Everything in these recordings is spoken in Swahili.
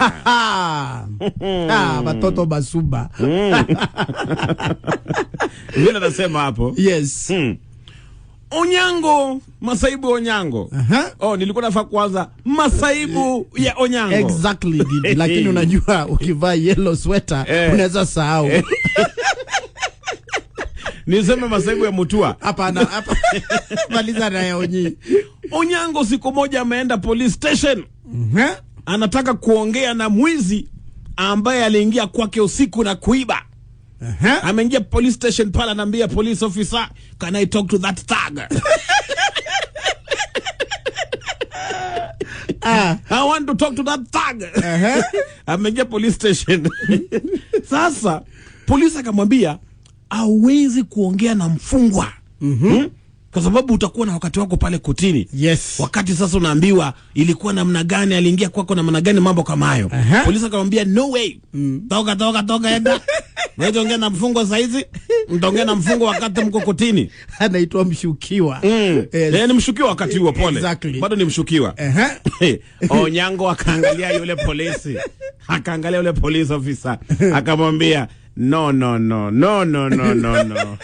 Ah, hmm. Watoto ah, basuba vile hmm. nasema hapo yes. Hmm. Onyango masaibu Onyango. uh -huh. Oh, nilikuwa nafaa kuanza masaibu ya Onyango exactly, Gidi. lakini unajua ukivaa yellow sweater eh, unaweza sahau eh. Niseme masaibu ya Mutua? Hapana, hapa maliza na ya Onyi. Onyango siku moja ameenda police station. uh mhm. -huh anataka kuongea na mwizi ambaye aliingia kwake usiku na kuiba. Uh -huh. Ameingia police station pale, anaambia police officer, can I talk to that thug? Ah. I want to talk to that thug. Uh -huh. Ameingia police station. Sasa polisi akamwambia hawezi kuongea na mfungwa. Mm -hmm kwa sababu utakuwa na wakati wako pale kotini. Yes. Wakati sasa unaambiwa ilikuwa namna gani, aliingia kwako namna gani, mambo kama hayo. Polisi akamwambia no way. Mm. Toka toka toka enda. Wewe ongea na mfungwa saizi, mtaongea na mfungo wakati mko kotini. Anaitwa mshukiwa. Mm. Yes. Eh, ni mshukiwa wakati huo pole. Exactly. Bado ni mshukiwa. -huh. Onyango akaangalia yule polisi. Akaangalia yule police officer. Akamwambia no no no no no no no no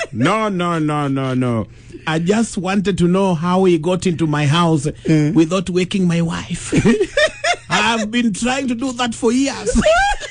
no no no no I just wanted to know how he got into my house mm. without waking my wife. I've been trying to do that for years.